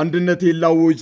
አንድነት የላውጅ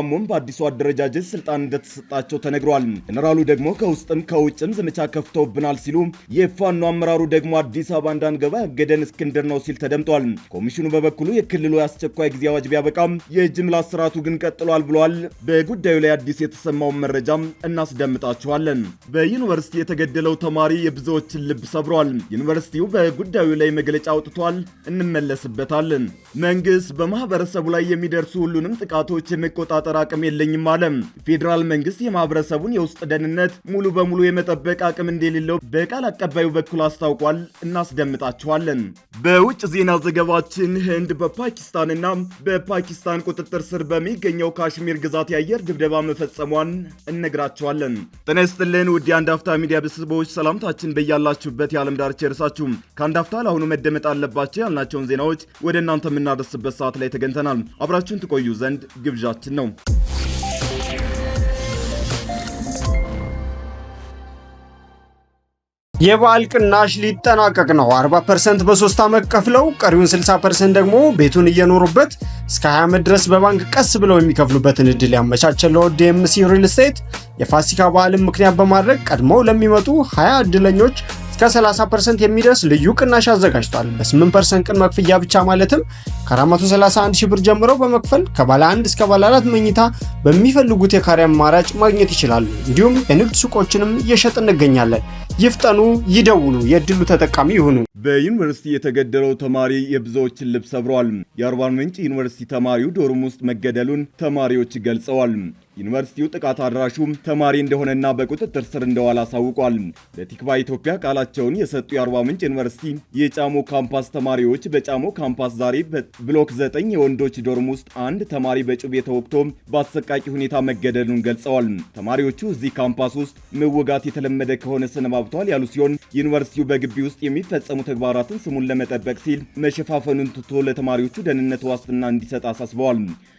አሞም በአዲሱ አደረጃጀት ስልጣን እንደተሰጣቸው ተነግሯል። ጀነራሉ ደግሞ ከውስጥም ከውጭም ዘመቻ ከፍተውብናል ሲሉ፣ የፋኖ አመራሩ ደግሞ አዲስ አበባ እንዳንገባ ያገደን እስክንድር ነው ሲል ተደምጧል። ኮሚሽኑ በበኩሉ የክልሉ የአስቸኳይ ጊዜ አዋጅ ቢያበቃም የጅምላ ስርዓቱ ግን ቀጥሏል ብሏል። በጉዳዩ ላይ አዲስ የተሰማውን መረጃም እናስደምጣችኋለን። በዩኒቨርሲቲ የተገደለው ተማሪ የብዙዎችን ልብ ሰብሯል። ዩኒቨርሲቲው በጉዳዩ ላይ መግለጫ አውጥቷል። እንመለስበታለን። መንግስት በማህበረሰቡ ላይ የሚደርሱ ሁሉንም ጥቃቶች የመቆጣ የመቆጣጠር አቅም የለኝም አለ። ፌዴራል መንግስት የማህበረሰቡን የውስጥ ደህንነት ሙሉ በሙሉ የመጠበቅ አቅም እንደሌለው በቃል አቀባዩ በኩል አስታውቋል። እናስደምጣቸዋለን። በውጭ ዜና ዘገባችን ህንድ በፓኪስታንና በፓኪስታን ቁጥጥር ስር በሚገኘው ካሽሚር ግዛት የአየር ድብደባ መፈጸሟን እነግራቸዋለን። ጤና ይስጥልን ውድ የአንድ አፍታ ሚዲያ ቤተሰቦች ሰላምታችን በያላችሁበት የዓለም ዳርቻ ይድረሳችሁ። ከአንድ አፍታ ለአሁኑ መደመጥ አለባቸው ያልናቸውን ዜናዎች ወደ እናንተ የምናደርስበት ሰዓት ላይ ተገኝተናል። አብራችሁን ትቆዩ ዘንድ ግብዣችን ነው። የበዓል ቅናሽ ሊጠናቀቅ ነው። 40% በሶስት ዓመት ከፍለው ቀሪውን 60% ደግሞ ቤቱን እየኖሩበት እስከ 20 ዓመት ድረስ በባንክ ቀስ ብለው የሚከፍሉበትን እድል ያመቻቸለው ዲኤምሲ ሪል ስቴት የፋሲካ በዓልን ምክንያት በማድረግ ቀድሞው ለሚመጡ 20 እድለኞች እስከ 30% የሚደርስ ልዩ ቅናሽ አዘጋጅቷል። በ8% ቅን መክፍያ ብቻ ማለትም ከ431 ሺህ ብር ጀምሮ በመክፈል ከባለ 1 እስከ ባለ 4 መኝታ በሚፈልጉት የካሬ አማራጭ ማግኘት ይችላሉ። እንዲሁም የንግድ ሱቆችንም እየሸጥ እንገኛለን። ይፍጠኑ፣ ይደውሉ፣ የድሉ ተጠቃሚ ይሁኑ። በዩኒቨርሲቲ የተገደለው ተማሪ የብዙዎችን ልብ ሰብሯል። የአርባ ምንጭ ዩኒቨርሲቲ ተማሪው ዶርም ውስጥ መገደሉን ተማሪዎች ገልጸዋል። ዩኒቨርሲቲው ጥቃት አድራሹ ተማሪ እንደሆነና በቁጥጥር ስር እንደዋለ አሳውቋል። ለቲክባ ኢትዮጵያ ቃላቸውን የሰጡ የአርባ ምንጭ ዩኒቨርሲቲ የጫሞ ካምፓስ ተማሪዎች በጫሞ ካምፓስ ዛሬ ብሎክ ዘጠኝ የወንዶች ዶርም ውስጥ አንድ ተማሪ በጩቤ ተወግቶ በአሰቃቂ ሁኔታ መገደሉን ገልጸዋል። ተማሪዎቹ እዚህ ካምፓስ ውስጥ መወጋት የተለመደ ከሆነ ሰነባብተዋል ያሉ ሲሆን ዩኒቨርሲቲው በግቢ ውስጥ የሚፈጸሙ ተግባራትን ስሙን ለመጠበቅ ሲል መሸፋፈኑን ትቶ ለተማሪዎቹ ደህንነት ዋስትና እንዲሰጥ አሳስበዋል።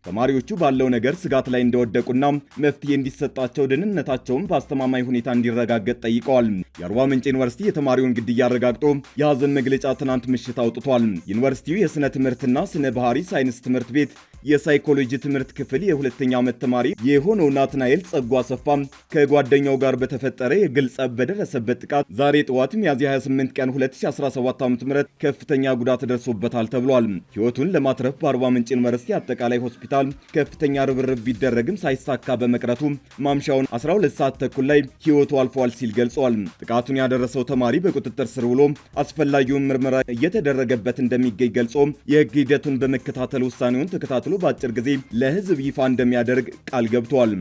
ተማሪዎቹ ባለው ነገር ስጋት ላይ እንደወደቁና መፍትሄ እንዲሰጣቸው ደህንነታቸውን በአስተማማኝ ሁኔታ እንዲረጋገጥ ጠይቀዋል። የአርባ ምንጭ ዩኒቨርሲቲ የተማሪውን ግድያ አረጋግጦ የሀዘን መግለጫ ትናንት ምሽት አውጥቷል። ዩኒቨርሲቲው የስነ ትምህርትና ስነ ባህሪ ሳይንስ ትምህርት ቤት የሳይኮሎጂ ትምህርት ክፍል የሁለተኛ ዓመት ተማሪ የሆነው ናትናኤል ጸጉ አሰፋ ከጓደኛው ጋር በተፈጠረ የግል ጸብ በደረሰበት ጥቃት ዛሬ ጠዋት ሚያዝያ 28 ቀን 2017 ዓ.ም ከፍተኛ ጉዳት ደርሶበታል ተብሏል። ሕይወቱን ለማትረፍ በአርባ ምንጭ ዩኒቨርሲቲ አጠቃላይ ሆስፒታል ከፍተኛ ርብርብ ቢደረግም ሳይሳካ በመቅረቱ ማምሻውን 12 ሰዓት ተኩል ላይ ሕይወቱ አልፏል ሲል ገልጿል። ጥቃቱን ያደረሰው ተማሪ በቁጥጥር ስር ውሎ አስፈላጊውን ምርመራ እየተደረገበት እንደሚገኝ ገልጾ የህግ ሂደቱን በመከታተል ውሳኔውን ተከታተ ተከታትሎ በአጭር ጊዜ ለህዝብ ይፋ እንደሚያደርግ ቃል ገብቷል።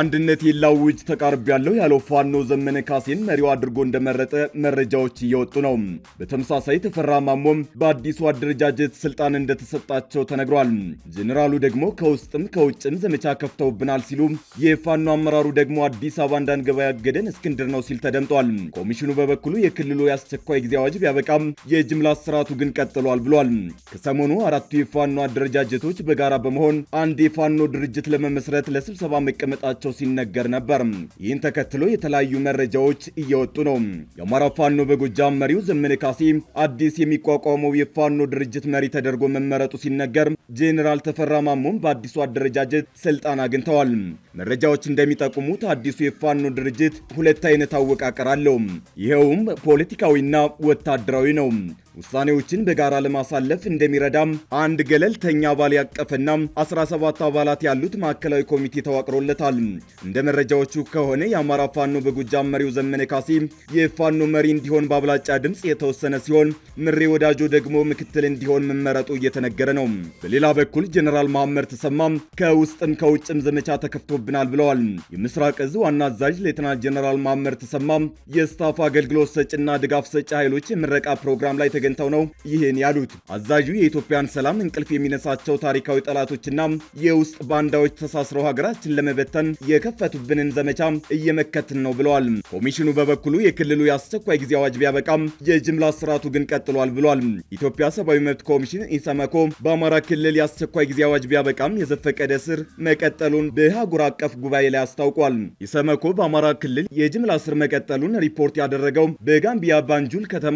አንድነት የላውጅ ተቃርብ ያለው ያለው ፋኖ ዘመነ ካሴን መሪው አድርጎ እንደመረጠ መረጃዎች እየወጡ ነው። በተመሳሳይ ተፈራ ማሞም በአዲሱ አደረጃጀት ስልጣን እንደተሰጣቸው ተነግሯል። ጄኔራሉ ደግሞ ከውስጥም ከውጭም ዘመቻ ከፍተውብናል ሲሉ፣ የፋኖ አመራሩ ደግሞ አዲስ አበባ እንዳንገባ ያገደን እስክንድር ነው ሲል ተደምጧል። ኮሚሽኑ በበኩሉ የክልሉ የአስቸኳይ ጊዜ አዋጅ ቢያበቃም የጅምላ ስርዓቱ ግን ቀጥሏል ብሏል። ከሰሞኑ አራቱ የፋኖ አደረጃጀቶች በጋራ በመሆን አንድ የፋኖ ድርጅት ለመመስረት ለስብሰባ መቀመጣቸው መሆናቸው ሲነገር ነበር። ይህን ተከትሎ የተለያዩ መረጃዎች እየወጡ ነው። የአማራ ፋኖ በጎጃም መሪው ዘመነ ካሴ አዲስ የሚቋቋመው የፋኖ ድርጅት መሪ ተደርጎ መመረጡ ሲነገር፣ ጄኔራል ተፈራ ማሞም በአዲሱ አደረጃጀት ስልጣን አግኝተዋል። መረጃዎች እንደሚጠቁሙት አዲሱ የፋኖ ድርጅት ሁለት አይነት አወቃቀር አለው። ይኸውም ፖለቲካዊና ወታደራዊ ነው። ውሳኔዎችን በጋራ ለማሳለፍ እንደሚረዳም አንድ ገለልተኛ አባል ያቀፈና 17 አባላት ያሉት ማዕከላዊ ኮሚቴ ተዋቅሮለታል። እንደ መረጃዎቹ ከሆነ የአማራ ፋኖ በጎጃም መሪው ዘመነ ካሴ የፋኖ መሪ እንዲሆን በአብላጫ ድምፅ የተወሰነ ሲሆን ምሬ ወዳጆ ደግሞ ምክትል እንዲሆን መመረጡ እየተነገረ ነው። በሌላ በኩል ጀኔራል መሐመድ ተሰማ ከውስጥም ከውጭም ዘመቻ ተከፍቶብናል ብለዋል። የምስራቅ እዝ ዋና አዛዥ ሌተናል ጀኔራል መሐመድ ተሰማ የስታፍ አገልግሎት ሰጭና ድጋፍ ሰጪ ኃይሎች የምረቃ ፕሮግራም ላይ ተገኝተው ነው ይህን ያሉት። አዛዡ የኢትዮጵያን ሰላም እንቅልፍ የሚነሳቸው ታሪካዊ ጠላቶችና የውስጥ ባንዳዎች ተሳስረው ሀገራችን ለመበተን የከፈቱብንን ዘመቻ እየመከትን ነው ብለዋል። ኮሚሽኑ በበኩሉ የክልሉ የአስቸኳይ ጊዜ አዋጅ ቢያበቃም የጅምላ ስርዓቱ ግን ቀጥሏል ብሏል። ኢትዮጵያ ሰብአዊ መብት ኮሚሽን ኢሰመኮ በአማራ ክልል የአስቸኳይ ጊዜ አዋጅ ቢያበቃም የዘፈቀደ ስር መቀጠሉን በአህጉር አቀፍ ጉባኤ ላይ አስታውቋል። ኢሰመኮ በአማራ ክልል የጅምላ ስር መቀጠሉን ሪፖርት ያደረገው በጋምቢያ ባንጁል ከተማ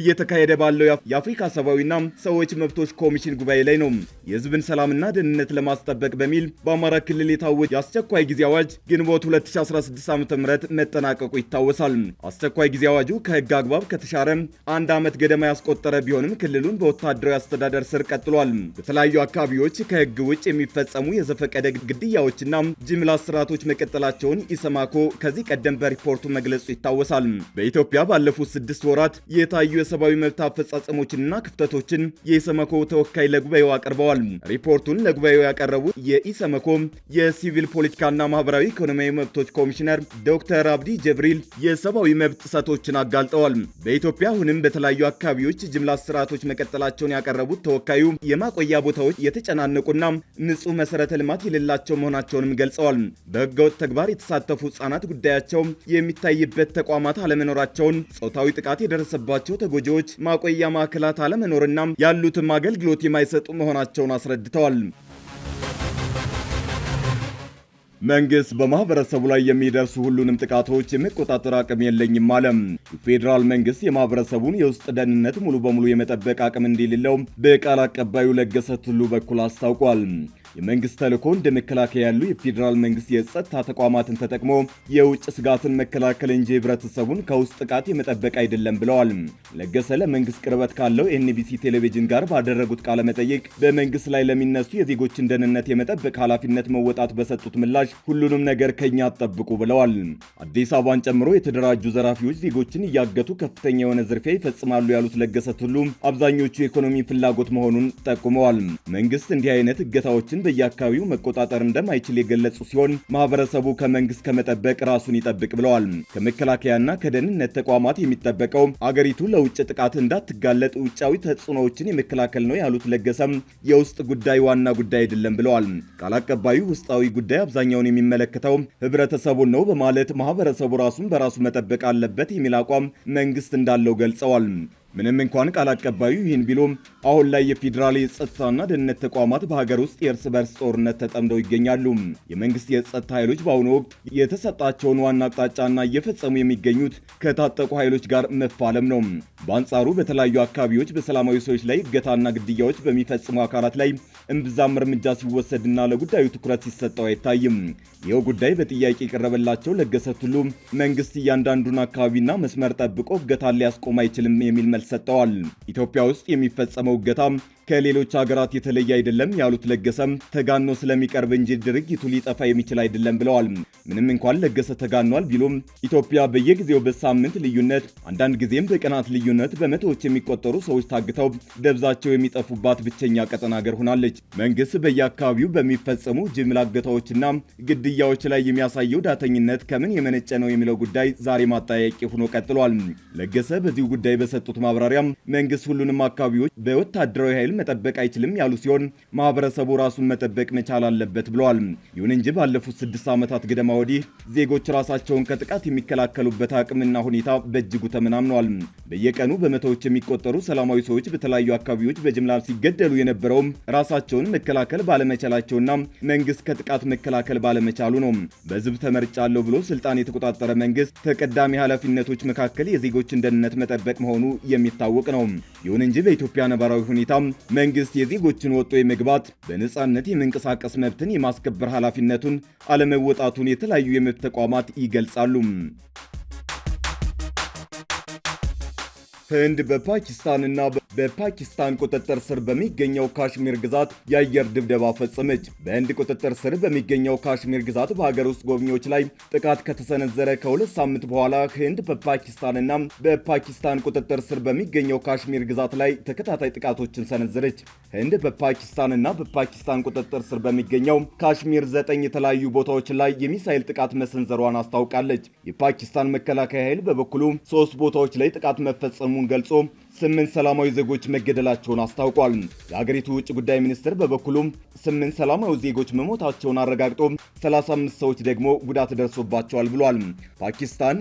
እየተካሄደ ባለ ባለው የአፍሪካ ሰብአዊና ሰዎች መብቶች ኮሚሽን ጉባኤ ላይ ነው። የህዝብን ሰላምና ደህንነት ለማስጠበቅ በሚል በአማራ ክልል የታወጀ የአስቸኳይ ጊዜ አዋጅ ግንቦት 2016 ዓ ም መጠናቀቁ ይታወሳል። አስቸኳይ ጊዜ አዋጁ ከህግ አግባብ ከተሻረ አንድ ዓመት ገደማ ያስቆጠረ ቢሆንም ክልሉን በወታደራዊ አስተዳደር ስር ቀጥሏል። በተለያዩ አካባቢዎች ከህግ ውጭ የሚፈጸሙ የዘፈቀደ ግድያዎችና ጅምላ ስርዓቶች መቀጠላቸውን ኢሰማኮ ከዚህ ቀደም በሪፖርቱ መግለጹ ይታወሳል። በኢትዮጵያ ባለፉት ስድስት ወራት የታዩ የሰብአዊ መብት አፈጻጸሞችንና ክፍተቶችን የኢሰመኮ ተወካይ ለጉባኤው አቅርበዋል። ሪፖርቱን ለጉባኤው ያቀረቡት የኢሰመኮ የሲቪል ፖለቲካና ማህበራዊ ኢኮኖሚያዊ መብቶች ኮሚሽነር ዶክተር አብዲ ጀብሪል የሰብአዊ መብት ጥሰቶችን አጋልጠዋል። በኢትዮጵያ አሁንም በተለያዩ አካባቢዎች ጅምላ ስርዓቶች መቀጠላቸውን ያቀረቡት ተወካዩ የማቆያ ቦታዎች የተጨናነቁና ንጹህ መሰረተ ልማት የሌላቸው መሆናቸውንም ገልጸዋል። በህገወጥ ተግባር የተሳተፉ ህጻናት ጉዳያቸው የሚታይበት ተቋማት አለመኖራቸውን፣ ጾታዊ ጥቃት የደረሰባቸው ተጎጂዎች ማቆ የገበያ ማዕከላት አለመኖርና ያሉትም አገልግሎት የማይሰጡ መሆናቸውን አስረድተዋል። መንግስት በማህበረሰቡ ላይ የሚደርሱ ሁሉንም ጥቃቶች የመቆጣጠር አቅም የለኝም አለ። የፌዴራል መንግስት የማህበረሰቡን የውስጥ ደህንነት ሙሉ በሙሉ የመጠበቅ አቅም እንደሌለው በቃል አቀባዩ ለገሰ ቱሉ በኩል አስታውቋል። የመንግስት ተልዕኮ እንደ መከላከያ ያሉ የፌዴራል መንግስት የጸጥታ ተቋማትን ተጠቅሞ የውጭ ስጋትን መከላከል እንጂ ህብረተሰቡን ከውስጥ ጥቃት የመጠበቅ አይደለም ብለዋል። ለገሰ ለመንግስት ቅርበት ካለው ኤንቢሲ ቴሌቪዥን ጋር ባደረጉት ቃለ መጠይቅ በመንግስት ላይ ለሚነሱ የዜጎችን ደህንነት የመጠበቅ ኃላፊነት መወጣት በሰጡት ምላሽ ሁሉንም ነገር ከኛ አጠብቁ ብለዋል። አዲስ አበባን ጨምሮ የተደራጁ ዘራፊዎች ዜጎችን እያገቱ ከፍተኛ የሆነ ዝርፊያ ይፈጽማሉ ያሉት ለገሰ ቱሉ አብዛኞቹ የኢኮኖሚ ፍላጎት መሆኑን ጠቁመዋል። መንግስት እንዲህ አይነት እገታዎችን ግን በየአካባቢው መቆጣጠር እንደማይችል የገለጹ ሲሆን ማህበረሰቡ ከመንግስት ከመጠበቅ ራሱን ይጠብቅ ብለዋል። ከመከላከያና ከደህንነት ተቋማት የሚጠበቀው አገሪቱ ለውጭ ጥቃት እንዳትጋለጥ ውጫዊ ተጽዕኖዎችን የመከላከል ነው ያሉት ለገሰም የውስጥ ጉዳይ ዋና ጉዳይ አይደለም ብለዋል። ቃል አቀባዩ ውስጣዊ ጉዳይ አብዛኛውን የሚመለከተው ህብረተሰቡን ነው በማለት ማህበረሰቡ ራሱን በራሱ መጠበቅ አለበት የሚል አቋም መንግስት እንዳለው ገልጸዋል። ምንም እንኳን ቃል አቀባዩ ይህን ቢሎም አሁን ላይ የፌዴራል የጸጥታና ደህንነት ተቋማት በሀገር ውስጥ የእርስ በርስ ጦርነት ተጠምደው ይገኛሉ። የመንግስት የጸጥታ ኃይሎች በአሁኑ ወቅት የተሰጣቸውን ዋና አቅጣጫና እየፈጸሙ የሚገኙት ከታጠቁ ኃይሎች ጋር መፋለም ነው። በአንጻሩ በተለያዩ አካባቢዎች በሰላማዊ ሰዎች ላይ እገታና ግድያዎች በሚፈጽሙ አካላት ላይ እምብዛም እርምጃ ሲወሰድና ለጉዳዩ ትኩረት ሲሰጠው አይታይም። ይኸው ጉዳይ በጥያቄ የቀረበላቸው ለገሰ ቱሉ መንግስት እያንዳንዱን አካባቢና መስመር ጠብቆ እገታን ሊያስቆም አይችልም የሚል መልስ ሰጥተዋል። ኢትዮጵያ ውስጥ የሚፈጸመው እገታ ከሌሎች ሀገራት የተለየ አይደለም ያሉት ለገሰም ተጋኖ ስለሚቀርብ እንጂ ድርጊቱ ሊጠፋ የሚችል አይደለም ብለዋል። ምንም እንኳን ለገሰ ተጋኗል ቢሉም ኢትዮጵያ በየጊዜው በሳምንት ልዩነት አንዳንድ ጊዜም በቀናት ልዩነት በመቶዎች የሚቆጠሩ ሰዎች ታግተው ደብዛቸው የሚጠፉባት ብቸኛ ቀጠና ሀገር ሆናለች። መንግስት በየአካባቢው በሚፈጸሙ ጅምላ እገታዎችና ግድያዎች ላይ የሚያሳየው ዳተኝነት ከምን የመነጨ ነው የሚለው ጉዳይ ዛሬ ማጠያቂ ሆኖ ቀጥሏል። ለገሰ በዚሁ ጉዳይ በሰጡት ማብራሪያ መንግስት ሁሉንም አካባቢዎች በወታደራዊ ኃይል መጠበቅ አይችልም ያሉ ሲሆን ማህበረሰቡ ራሱን መጠበቅ መቻል አለበት ብለዋል። ይሁን እንጂ ባለፉት ስድስት ዓመታት ገደማ ወዲህ ዜጎች ራሳቸውን ከጥቃት የሚከላከሉበት አቅምና ሁኔታ በእጅጉ ተመናምኗል። በየቀኑ በመቶዎች የሚቆጠሩ ሰላማዊ ሰዎች በተለያዩ አካባቢዎች በጅምላ ሲገደሉ የነበረውም ራሳቸውን መከላከል ባለመቻላቸውና መንግስት ከጥቃት መከላከል ባለመቻሉ ነው። በህዝብ ተመርጫለሁ ብሎ ስልጣን የተቆጣጠረ መንግስት ተቀዳሚ ኃላፊነቶች መካከል የዜጎችን ደህንነት መጠበቅ መሆኑ የሚታወቅ ነው። ይሁን እንጂ በኢትዮጵያ ነባራዊ ሁኔታ መንግስት የዜጎችን ወጥቶ የመግባት በነጻነት የመንቀሳቀስ መብትን የማስከበር ኃላፊነቱን አለመወጣቱን የተለያዩ የመብት ተቋማት ይገልጻሉ። ህንድ በፓኪስታን እና በፓኪስታን ቁጥጥር ስር በሚገኘው ካሽሚር ግዛት የአየር ድብደባ ፈጸመች። በህንድ ቁጥጥር ስር በሚገኘው ካሽሚር ግዛት በሀገር ውስጥ ጎብኚዎች ላይ ጥቃት ከተሰነዘረ ከሁለት ሳምንት በኋላ ህንድ በፓኪስታንና በፓኪስታን ቁጥጥር ስር በሚገኘው ካሽሚር ግዛት ላይ ተከታታይ ጥቃቶችን ሰነዘረች። ህንድ በፓኪስታንና በፓኪስታን ቁጥጥር ስር በሚገኘው ካሽሚር ዘጠኝ የተለያዩ ቦታዎች ላይ የሚሳይል ጥቃት መሰንዘሯን አስታውቃለች። የፓኪስታን መከላከያ ኃይል በበኩሉ ሶስት ቦታዎች ላይ ጥቃት መፈጸሙን ገልጾ ስምንት ሰላማዊ ዜጎች መገደላቸውን አስታውቋል። የሀገሪቱ ውጭ ጉዳይ ሚኒስትር በበኩሉም ስምንት ሰላማዊ ዜጎች መሞታቸውን አረጋግጦ 35 ሰዎች ደግሞ ጉዳት ደርሶባቸዋል ብሏል። ፓኪስታን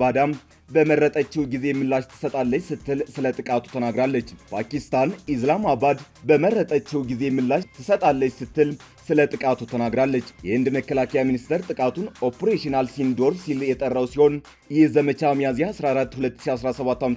ባዳም። በመረጠችው ጊዜ ምላሽ ትሰጣለች ስትል ስለ ጥቃቱ ተናግራለች። ፓኪስታን ኢስላማባድ በመረጠችው ጊዜ ምላሽ ትሰጣለች ስትል ስለ ጥቃቱ ተናግራለች። የህንድ መከላከያ ሚኒስቴር ጥቃቱን ኦፕሬሽናል ሲንዶር ሲል የጠራው ሲሆን ይህ ዘመቻ ሚያዝያ 14 2017 ዓ.ም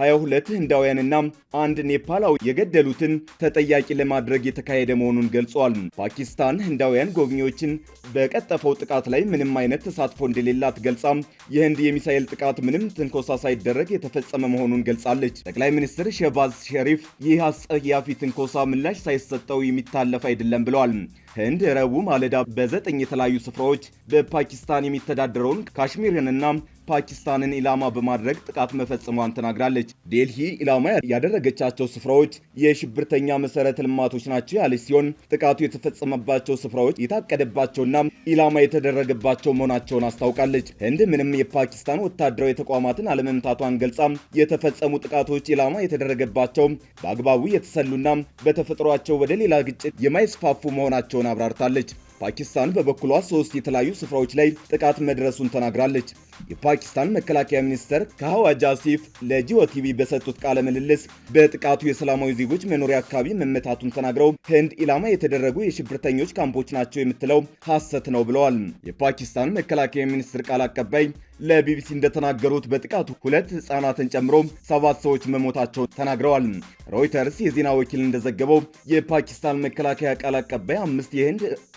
22 ህንዳውያንና አንድ ኔፓላዊ የገደሉትን ተጠያቂ ለማድረግ የተካሄደ መሆኑን ገልጿል። ፓኪስታን ህንዳውያን ጎብኚዎችን በቀጠፈው ጥቃት ላይ ምንም አይነት ተሳትፎ እንደሌላት ገልጻም የህንድ የሚሳኤል ጥቃት ምንም ትንኮሳ ሳይደረግ የተፈጸመ መሆኑን ገልጻለች። ጠቅላይ ሚኒስትር ሸባዝ ሸሪፍ ይህ አስጸያፊ ትንኮሳ ምላሽ ሳይሰጠው የሚታለፍ አይደለም ብለዋል። ህንድ ረቡዕ ማለዳ በዘጠኝ የተለያዩ ስፍራዎች በፓኪስታን የሚተዳደረውን ካሽሚርንና ፓኪስታንን ኢላማ በማድረግ ጥቃት መፈጸሟን ተናግራለች። ዴልሂ ኢላማ ያደረገቻቸው ስፍራዎች የሽብርተኛ መሰረተ ልማቶች ናቸው ያለች ሲሆን ጥቃቱ የተፈጸመባቸው ስፍራዎች የታቀደባቸውና ኢላማ የተደረገባቸው መሆናቸውን አስታውቃለች። ህንድ ምንም የፓኪስታን ወታደራዊ ተቋማትን አለመምታቷን ገልጻ የተፈጸሙ ጥቃቶች ኢላማ የተደረገባቸው በአግባቡ የተሰሉና በተፈጥሯቸው ወደ ሌላ ግጭት የማይስፋፉ መሆናቸውን አብራርታለች። ፓኪስታን በበኩሏ ሶስት የተለያዩ ስፍራዎች ላይ ጥቃት መድረሱን ተናግራለች። የፓኪስታን መከላከያ ሚኒስተር ከሐዋጅ አሲፍ ለጂኦ ቲቪ በሰጡት ቃለ ምልልስ በጥቃቱ የሰላማዊ ዜጎች መኖሪያ አካባቢ መመታቱን ተናግረው ህንድ ኢላማ የተደረጉ የሽብርተኞች ካምፖች ናቸው የምትለው ሐሰት ነው ብለዋል። የፓኪስታን መከላከያ ሚኒስትር ቃል አቀባይ ለቢቢሲ እንደተናገሩት በጥቃቱ ሁለት ህጻናትን ጨምሮ ሰባት ሰዎች መሞታቸው ተናግረዋል። ሮይተርስ የዜና ወኪል እንደዘገበው የፓኪስታን መከላከያ ቃል አቀባይ አምስት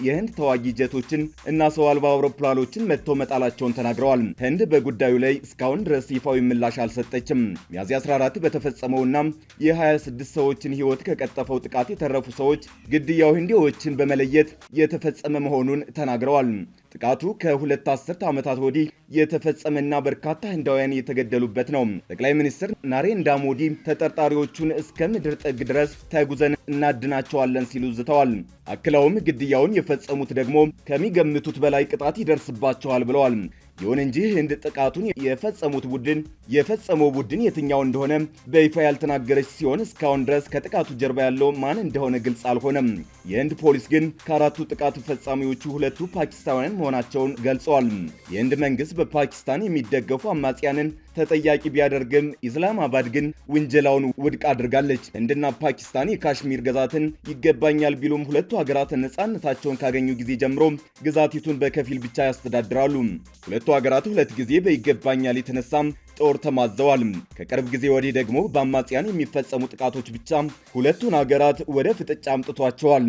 የህንድ ተዋጊ ጀቶችን እና ሰው አልባ አውሮፕላኖችን መጥተው መጣላቸውን ተናግረዋል። ህንድ በጉዳዩ ላይ እስካሁን ድረስ ይፋዊ ምላሽ አልሰጠችም። ሚያዝያ 14 በተፈጸመውና የ26 ሰዎችን ህይወት ከቀጠፈው ጥቃት የተረፉ ሰዎች ግድያው ህንዲዎችን በመለየት የተፈጸመ መሆኑን ተናግረዋል። ጥቃቱ ከሁለት አስርት ዓመታት ወዲህ የተፈጸመና በርካታ ህንዳውያን የተገደሉበት ነው። ጠቅላይ ሚኒስትር ናሬንዳ ሞዲ ተጠርጣሪዎቹን እስከ ምድር ጥግ ድረስ ተጉዘን እናድናቸዋለን ሲሉ ዝተዋል። አክለውም ግድያውን የፈጸሙት ደግሞ ከሚገምቱት በላይ ቅጣት ይደርስባቸዋል ብለዋል። ይሁን እንጂ ህንድ ጥቃቱን የፈጸሙት ቡድን የፈጸመው ቡድን የትኛው እንደሆነ በይፋ ያልተናገረች ሲሆን እስካሁን ድረስ ከጥቃቱ ጀርባ ያለው ማን እንደሆነ ግልጽ አልሆነም። የህንድ ፖሊስ ግን ከአራቱ ጥቃት ፈጻሚዎቹ ሁለቱ ፓኪስታውያን መሆናቸውን ገልጸዋል። የህንድ መንግስት በፓኪስታን የሚደገፉ አማጽያንን ተጠያቂ ቢያደርግም ኢስላማባድ ግን ውንጀላውን ውድቅ አድርጋለች። ህንድና ፓኪስታን የካሽሚር ግዛትን ይገባኛል ቢሉም ሁለቱ ሀገራት ነጻነታቸውን ካገኙ ጊዜ ጀምሮ ግዛቲቱን በከፊል ብቻ ያስተዳድራሉ። ሁለቱ ሀገራት ሁለት ጊዜ በይገባኛል የተነሳም ጦር ተማዘዋል። ከቅርብ ጊዜ ወዲህ ደግሞ በአማጽያን የሚፈጸሙ ጥቃቶች ብቻ ሁለቱን ሀገራት ወደ ፍጥጫ አምጥቷቸዋል።